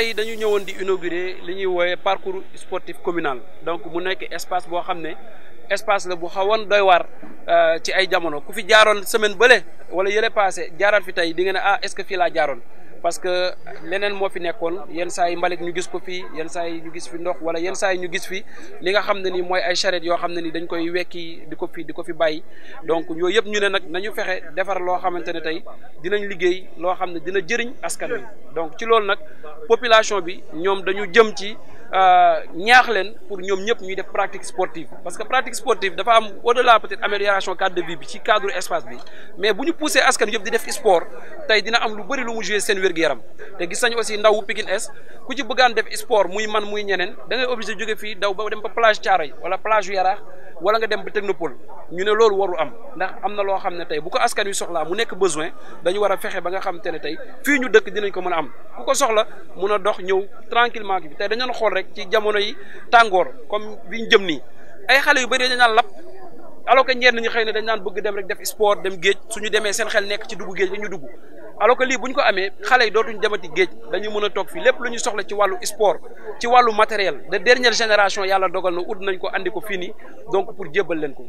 tey dañu ñëwoon di inaugurer li ñuy woowe parcours sportif communal donc mu nekk espace boo xam ne espace la bu xawoon doy waar euh, ci ay jamono ku fi jaaroon semaine bële wala yële passé jaaral fi tey di nga ne ah est-ce que fii laa jaaroon parce que leneen moo fi nekkoon yenn saa yi mbalit ñu gis ko fii yenn saa yi ñu gis fi ndox wala yenn saa yi ñu gis fi li nga xam ne ni mooy ay charrette yoo xam ne ni dañ koy wekki di ko fi di ko fi bàyyi donc yooyu yëpp ñu ne nag nañu fexe defar loo xamante ne tey dinañ liggéey loo xam ne dina jëriñ askan wi donc ci loolu nag population bi ñoom dañu jëm ci Euh, ñaax leen pour ñoom ñëpp ñuy def pratique sportive parce que pratique sportive dafa am au delà peut être amélioration cadre de vie bi ci cadre espace bi mais bu ñu poussé askan yëpp di def sport tey dina am lu bëri lu mu joué seen wér-gu-yaram te gis aussi ndawu Pikine Est ku ci bëggaan def sport muy man muy ñeneen da ngay obligé jóge fii daw ba dem ba plage Thiaroye wala plage yu Yaraax wala nga dem ba technopole ñu ne loolu waru am ndax am na loo xam ne tey bu ko askan wi soxlaa mu nekk besoin dañu war a fexe ba nga xam te ne tey fii ñu dëkk dinañ ko mën a am ku ko soxla mun a dox ñëw tranquillement bi tey dañu xool rek ci jamono yi tàngoor comme bi jëm nii ay xale yu bëri dañu naan lap alors que ñenn ñi xëy na dañ naan bëgg dem rek def sport dem géej suñu demee seen xel nekk ci dugg géej dañu dugg alors que lii bu ñu ko amee xale yi dootuñ demati géej dañu mën a toog fii lépp lu ñu soxla ci wàllu sport ci wàllu matériel de dernière génération yàlla dogal na ut nañ ko andi ko fii nii donc pour jébbal leen ko.